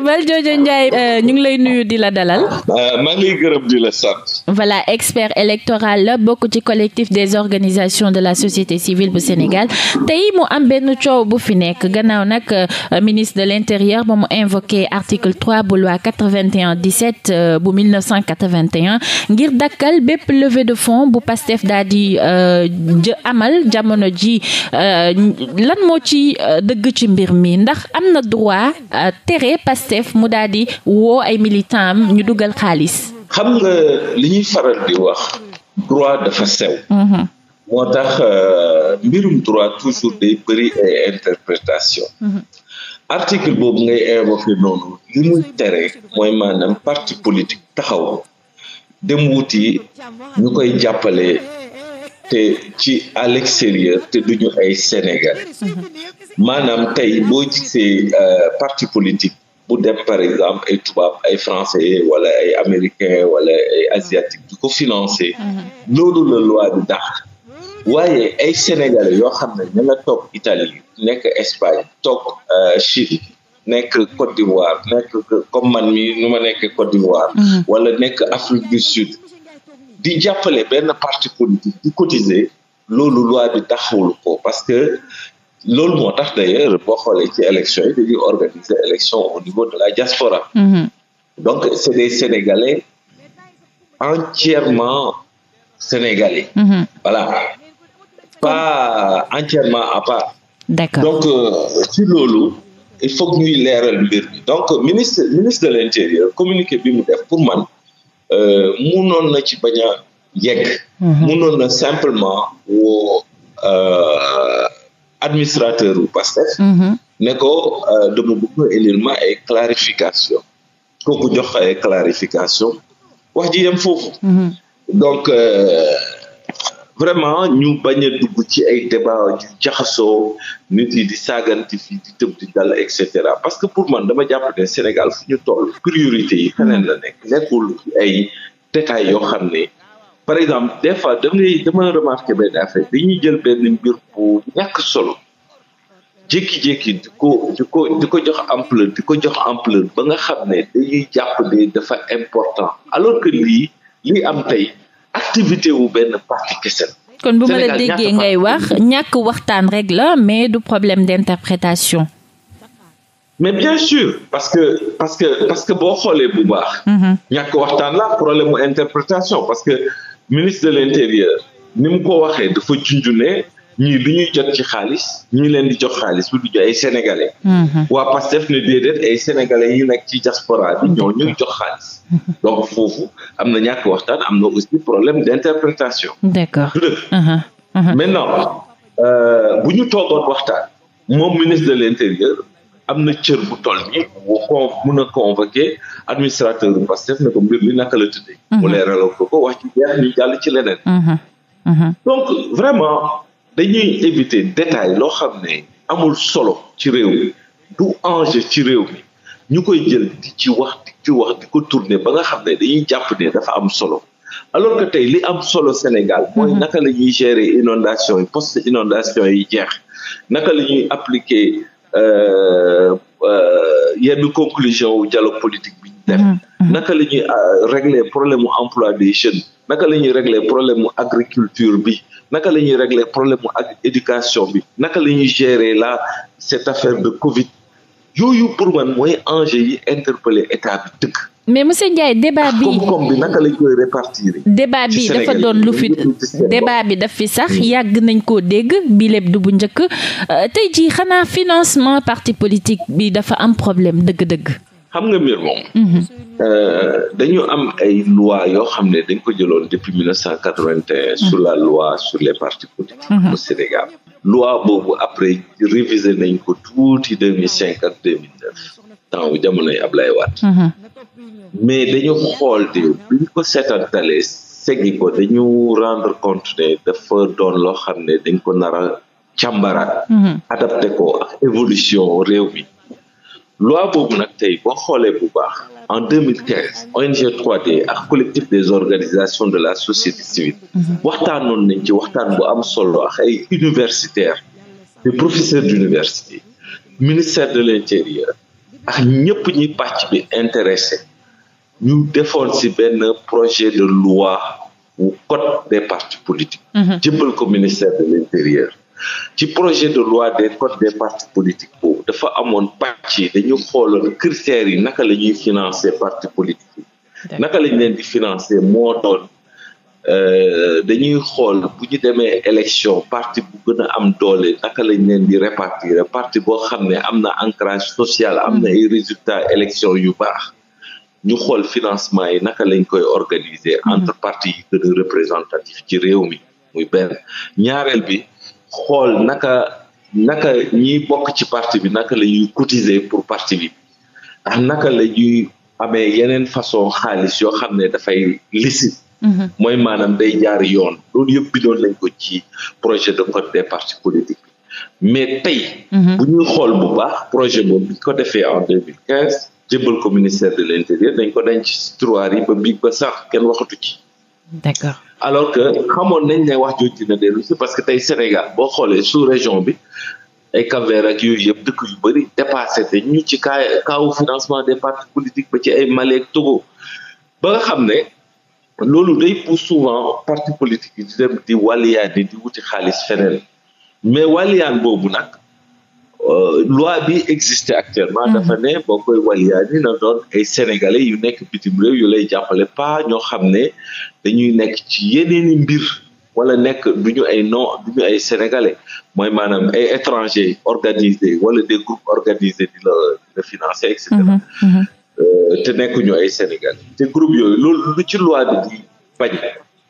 Valdiodio Valdiodio Ndiaye euh, ñu ngi lay nuyu di la dalal. Euh, maa expert électoral la bokk ci collectif des organisations de la société civile bu Sénégal tey mu am benn coow bu fi nekk gannaaw nag euh, ministre de l' intérieur ba mu invoqué article trois bu loi quatre vingt et un dix bu mille neuf cent quatre ngir dakkal bépp levée de fonds bu Pastef daal di amal jamono ji lan moo ci dëgg ci mbir mi ndax am na droit tere Pastef mu daal di woo ay militants am ñu dugal xaalis. xam nga li ñuy faral di wax droit dafa sew. Mhm. moo tax euh, mbirum droit toujours day bëri ay interprétation mhm. boobu ngay évoqué noonu li muy tere mooy maanaam parti politique taxaw dem wuti ñu koy jàppale te ci à l'extérieur te duñu ay Sénégalais mhm. maanaam tey boo gisee euh, parti politique bu dem par exemple ay tubaab ay français wala ay américain wala ay asiatique di ko financer mhm. loolu la loi di dàq waaye ay sénégalais yoo xam ne ña nga toog Italie nekk Espagne toog euh, Chine nekk Côte d'Ivoire nekk comme man mi nu ma nekkee Côte d'Ivoire mhm. wala nekk Afrique du Sud di jàppale benn parti politique di cotiser loolu loi bi taxawul ko parce que loolu moo tax d'ailleurs boo xoolee ci élection yi dañuy organiser élection au niveau de la diaspora mhm. donc c'est des Sénégalais entièrement sénégalais mm -hmm. voilà pas entièrement à part donc euh, ci loolu il faut que leeral mbir donc ministre ministre de l'intérieur communiqué bi mu def pour man euh, munoon ci bañ a yegg mhm. munoon na simplement woo euh, administrateur parce que mhm. ne ko euh, dama bëgg indil ma ay clarification kooku jox ay clarification wax ji yem foofu mhm. donc euh, vraiment ñu bañ a dugg ci ay débat yu nit yi di saaganti fii di tëb di dal et parce que pour man dama jàpp ne Sénégal fu ñu toll priorité yi feneen la nekk nekkul ay détails yoo xam ne par exemple des fois da ngay dama remarqué benn affaire dañuy jël benn mbir bu ñàkk solo jékki-jékki di ko di ko jox ampleur di ko jox ampleur ba nga xam ne dañuy jàpp ne dafa important alors que lii lii am tey activité wu benn parti kese kon bu ma la déggee ngay wax ñàkk waxtaan rek la mais du problème d'interprétation mais bien sûr parce que parce que parce que boo xoolee bu baax. Mhm. ñàkk waxtaan la problème u interprétation parce que ministre de l'intérieur ni mu ko waxee dafa junj ne ñii li ñuy jot ci xaalis ñii leen di jox xaalis bu du ay sénégalais. Mhm. waa PASTEF ne déedéet ay sénégalais yi nekk ci diaspora bi ñoo ñuy jox xaalis. Mhm. donc foofu am na ñàkk waxtaan am na aussi problème d'interprétation. d'accord mhm. maintenant euh, bu ñu toogoon waxtaan moom ministre de l'intérieur. am na cër bu toll nii bu ko mun a convoqué administrateur bu Pastef na ko mbir mi naka la tëddee. Mhm. mu leeralal ko ko wax ci jeex ñu jàll ci leneen. Mhm. Mhm. donc vraiment dañuy éviter détail loo xam ne amul solo ci réew mi ci réew ñu koy jël di ci wax di ci wax di ko tourner ba nga xam ne dañuy jàpp ne dafa am solo. alors que tey li am solo Sénégal mooy naka la ñuy gérer inondation yi post inondation yi jeex naka la ñuy appliquer Euh, euh, yenn conclusion wu dialogue politique bi ñu def. Mm-hmm. Mm-hmm. naka la ñuy euh, régler problème mu emploi des jeunes. naka la ñuy régler problème mu agriculture bi naka la ñuy régler problème mu ak éducation bi naka la ñuy gérer la cette affaire de Covid yooyu pour man mooy enjeu yi interpeller état bi dëkk. mais monsieur Ndiaye débat ah, bi koom bi naka lañ koy répartir. débat bi dafa doon lu fi débat bi daf fi sax hmm. yàgg nañ koo dégg bi lépp du bu njëkk euh, tey jii xanaa financement parti politique bi dafa am problème dëgg-dëgg. xam nga mbir moom. Hmm. Euh, dañu am ay loi yoo xam ne dañ ko jëloon depuis mille neuf cent quatre-vingt-un sur la loi sur les partis politiques hmm. au Sénégal loi boobu après révisé nañ ko tuuti deux mille cinq ak deux mille neuf temps bu jamonoy Ablaye Wade mais dañu xool di bu ñu ko seetantalee seggi ko dañu rendre compte ne dafa doon loo xam ne dañ ko nar a càmbaraat mhm. adapté ko ak évolution réew mi loi boobu nag tey boo xoolee bu baax en 2015 ONG 3D ak collectif des organisations de la société waxtaan mhm. waxtaanoon nañ ci waxtaan bu am solo ak ay universitaire des professeurs d'université ministère de l'intérieur ak ñëpp ñi pàcc bi intéressé ñu defoon si benn projet de loi wu code des partis politiques mhm. jëbbal ko ministère de l'intérieur ci projet de loi de codes des partis politiques boobu dafa amoon pàcc yi dañu xooloon critères yi naka lañuy ñuy financer parti politique yi naka lañ leen di financer moo doon Euh, dañuy xool bu ñu demee élection parti bu gën a am doole naka lañ leen di répartir parti boo xam ne am na ancrage social am na hmm. ay résultats élection yu baax ñu xool financement yi naka lañ koy organiser hmm. entre partie yi gën a représentatif ci réew mi muy benn ñaareel bi xool naka naka ñiy bokk ci partie bi naka la ñuy cotiser pour parti bi ndax naka la ñuy amee yeneen façon xaalis yoo xam ne dafay licite Mhm. mooy maanaam day jaar yoon loolu yëpp bindoon nañ ko ci projet de code des partis politiques mais tey mhm. bu ñuy xool bu baax projet boobu bi ko defee en deux ko ministère de l' dañ ko denc ci tiroir yi ba biig ba sax kenn waxatu ci d'accord alors que xamoon nañ ne wax jooju dina dellu si parce que tey Sénégal boo xoolee sous région bi ay Cap-Vert ak yooyu yëpp dëkk yu bëri dépassé te ñu ci kaa kaawu financement des partis politiques ba ci ay Mali ak Togo ba loolu day pousse souvent parti politique yi di dem di wàlliyaani di wuti xaalis feneen mais wàlliyaan boobu nag euh, loi bi existe actuellement mm-hmm. dafa ne boo koy wàlliyaani na doon ay sénégalais yu nekk bitim réew yu lay jàppale pas ñoo xam ne dañuy nekk ci yeneeni mbir wala nekk du ñu ay non du ay sénégalais mooy maanaam ay étrangers organisés wala des groupes organisés di la di la Euh, te nekkuñu ay Sénégal te groupe yooyu loolu lu ci loi bi di bañ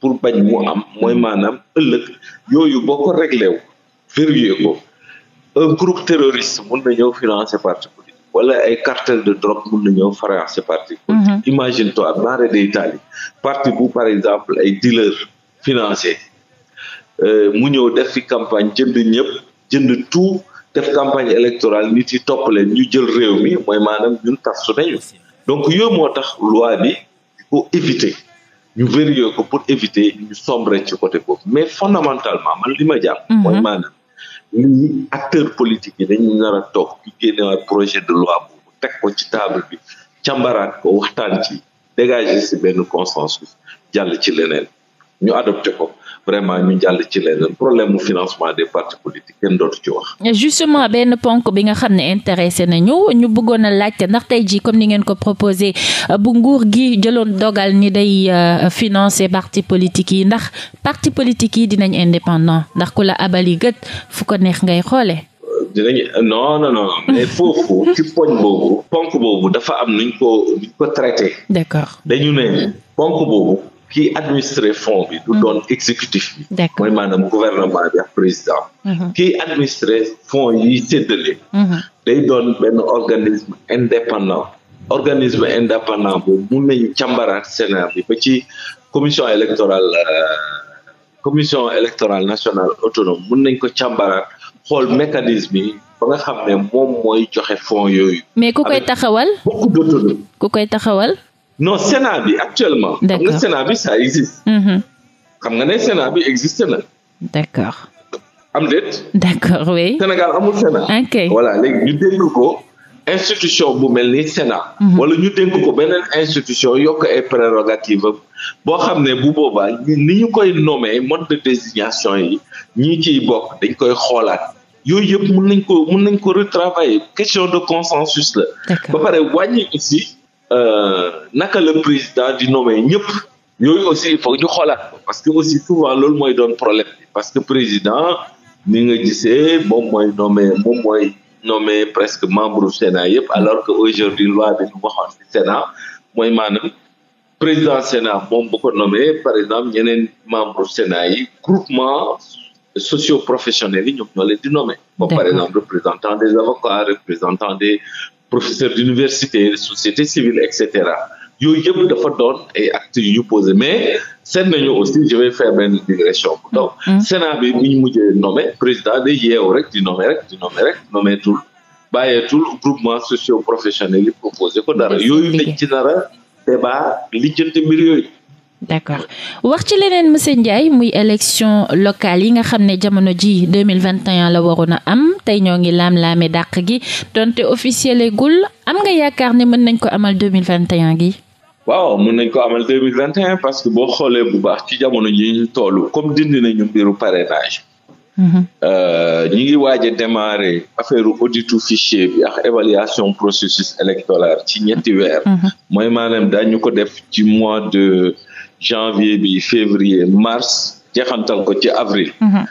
pour bañ mu am mooy maanaam ëllëg yooyu boo ko réglé wu verrouillé ko un groupe terroriste mun na ñëw financer parti wala ay cartel de drogue mun na ñëw financer parti politique mhm. imagine toi mare d'Italie parti bu par exemple ay dealer financier euh, mu ñëw def fi campagne jënd ñëpp jënd tout def campagne électorale nit yi topp ñu jël réew mi mooy maanaam ñun tas su nañu donc yooyu moo tax loi bi ko éviter ñu vérifier ko pour éviter ñu sombrer ci côté ko mais fondamentalement man li ma mhm. mooy maanaam lii acteurs politiques yi dañu nar a toog ñu génnewaat projet de loi boobu teg ko ci table bi càmbaraat ko waxtaan ci dégager si benn consensus jàll ci leneen ñu adopté ko vraiment ñu jàll ci leneen problème benn ponk bi nga xam ne intéressé nañu ñu bëggoon a laajte ndax tey jii comme ni ngeen ko proposé euh, bu nguur gi jëloon dogal ni day euh, financer parti politique yi ndax parti politique yi dinañ indépendant ndax ku la abali gët fu ko neex ngay xoolee. dinañ non non non mais foofu ci poñ boobu. ponk boobu dafa am nuñ ko ko traité. d'accord dañu ne ponk boobu. kii administrer fonds bi du mm-hmm. doon exécutif bi mooy maanaam gouvernement bi ak président mm-hmm. kii administrer fonds yi séddale mm-hmm. day doon benn organisme indépendant organisme indépendant boobu mun nañu càmbaraat Sénat bi ba ci commission électorale euh, nationale autonome mun nañ ko càmbaraat xool mécanisme bi ba nga xam ne moom mooy joxe fonds yooyu mais ku koy taxawal beaucoup d'autonomie ku koy taxawal non Sénat bi actuellement. xam nga Sénat bi ça mm-hmm. ne Sénat bi existe na. d'accord. am déet. d'accord oui. Sénégal amul Sénat. ok voilà léegi ñu dénk ko institution bu mel ni Sénat. Mm-hmm. wala ñu dénk ko beneen institution yokk ay prérogative am boo xam ne bu boobaa ni ñu koy nommer mode de désignation yi ñii ciy bokk dañ koy xoolaat yooyu yëpp mun nañ ko mën nañ ko retravailler question de consensus la. ba pare wàññi aussi. Euh, naka la président di nommer ñëpp yooyu aussi il faut ñu xoolaat parce que aussi souvent loolu mooy doon problème parce que président ni nga gisee moom mooy nommer moom mooy nommer presque membre du Sénat yëpp alors que aujourd'hui loi bi ñu waxoon ci Sénat mooy maanaam moom bu ko nommé par exemple ñeneen membre Sénat yi groupement socio-professionnels yi ñoom ñoo di nommé. bon par exemple représentant des avocats représentant des professeur d'université de société civile et cetera yooyu yëpp dafa doon ay actes yu ñu posé mais seen nañu aussi je vais faire benn digression donc mm. Mm. Sénat bi mi ñu mujjee nommé président de yeewu rek di nommé rek di nommé rek nommé tul bàyyeetul groupement socio professionnel yi proposé ko dara yooyu lañ ci nara débat lijjante mbir yooyu d'accord wax ci leneen monsieur Ndiaye muy élection locale yi nga xam ne jamono ji 2021 la waroon a am tey ñoo ngi laam-laame dàq gi donte officiel gul am nga yaakaar ne mën nañ ko amal 2021 gi waaw mën nañ ko amal 2021 parce que boo xoolee bu baax ci jamono ji ñu tollu comme dindi nañu mbiru parrainage mhm. euh, ñi ngi waaj a démarrer affaire auditu fichier bi ak évaluation processus électoral ci ñetti weer mhm. mooy maanaam ñu ko def ci mois de janvier bi février mars jeexantal ko ci avril mhm.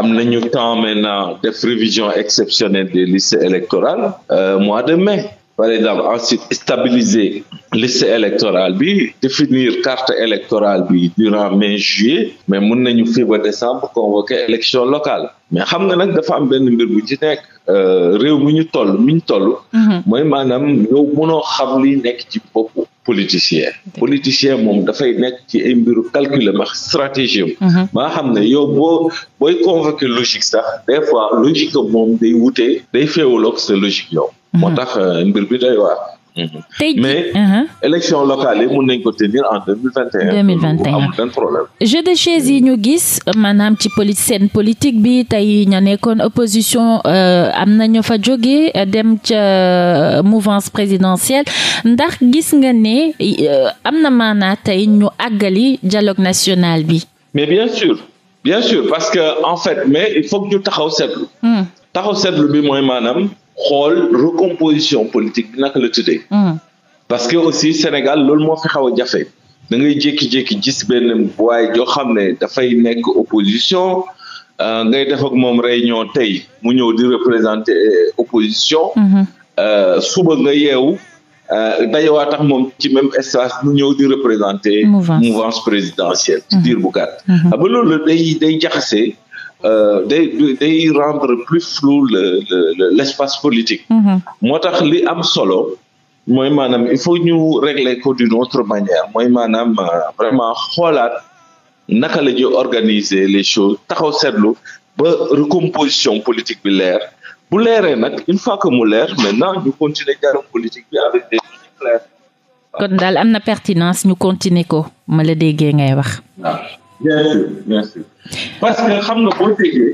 am nañu temps maintenant de prévision exceptionnelle des listes électorales euh, mois de mai par exemple ensuite stabiliser liste électorale bi définir carte électorale bi durant mai juillet mais mun nañu fii ba décembre convoquer élection locale mais xam nga nag dafa am benn mbir bu ci nekk euh, réew mi ñu toll mi ñu toll. Mhm. mooy maanaam yow mënoo xam li nekk ci bopp politicien. politicien moom dafay nekk ci ay mbiru calculer ma stratégie ma mhm. xam ne yow boo booy convoquer logique sax des fois logique moom day wute day féewaloog sa logique yow. Mhm. moo tax euh, mbir bi day waar. tey mais uh-huh. élection locale yi mun nañ ko tenir en deux mille de chaise yi ñu gis maanaam ci poli politique bi tey ña nekkoon opposition euh, am na ñu fa joge dem ca euh, mouvance présidentielle ndax gis nga ne euh, am na maanaa tey ñu àggali dialogue national bi. mais bien sûr parce que en fait mais il faut que ñu taxaw seetlu. Hmm. taxaw seetlu bi mooy maanaam. xool recomposition politique bi naka la tëddee. Mm. parce que aussi Sénégal loolu moo fi xaw a jafe. da ngay jékki-jékki gis benn waaye joo xam ne dafay nekk opposition euh, ngay def ak moom réunion tey mu ñëw di représenter euh, opposition. Mm-hmm. Euh, suba nga yeewu. dajewaat tax moom ci même espace mu ñëw di représenter mouvance présidentielle ci mm-hmm. Euh, day day rendre plus flou le l'espace politique. Mm-hmm. moo tax li am solo. mooy maanaam il faut ñu régler ko d'une autre manière mooy maanaam euh, vraiment xoolaat naka la ñuy organiser les choses taxaw seetlu ba recomposition politique bi leer bu leeree nag il fois que mu leer maintenant ñu continuer jarum politique bi daal am na ñu continuer ko ma la déggee ngay wax. bien que xam nga boo déggee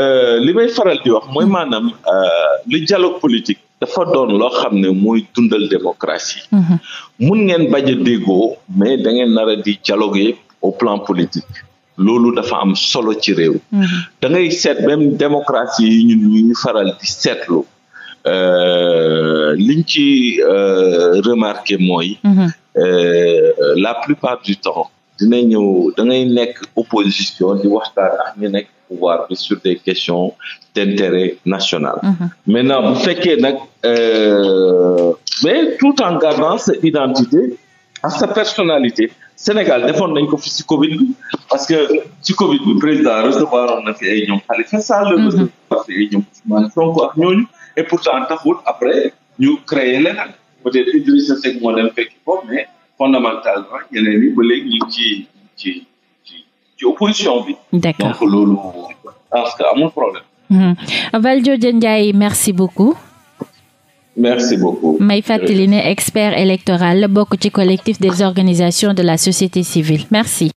euh, li may faral di wax mooy maanaam euh, li dialogue politique dafa doon loo xam ne mooy dundal démocratie. Mhm. mun ngeen bañ a mais dangeen ngeen nar a di dialoguer au plan politique. loolu dafa am solo ci réew. Mhm. da seet même démocratie yi ñun ñuy faral di seetlu euh, liñ ci remarqué mooy. Mhm. la plupart du temps. dina ñëw da nekk opposition di waxtaan ak ñu nekk pouvoir bi sur des questions d'intérêt national mm na maintenant bu fekkee nag euh, mais tout en gardant sa identité ak sa personnalité Sénégal defon nañ ko fi ci Covid bi parce que ci Covid bi président recevoir on na fi ay ñoom Khalifa Sall mhm. recevoir fi ay ñoom Ousmane Sonko ak ñooñu et pourtant taxul après ñu créer leneen peut-être Idrissa Seck mais fondamentalement yeneen yi ba léegi ñu ngi ci ci ci ci opposition bi. d'accord donc loolu parce que amul problème. Hmm. Valdiodio Ndiaye merci beaucoup. merci beaucoup. may fàttali ne expert électoral bokk ci collectif des organisations de la société civile merci.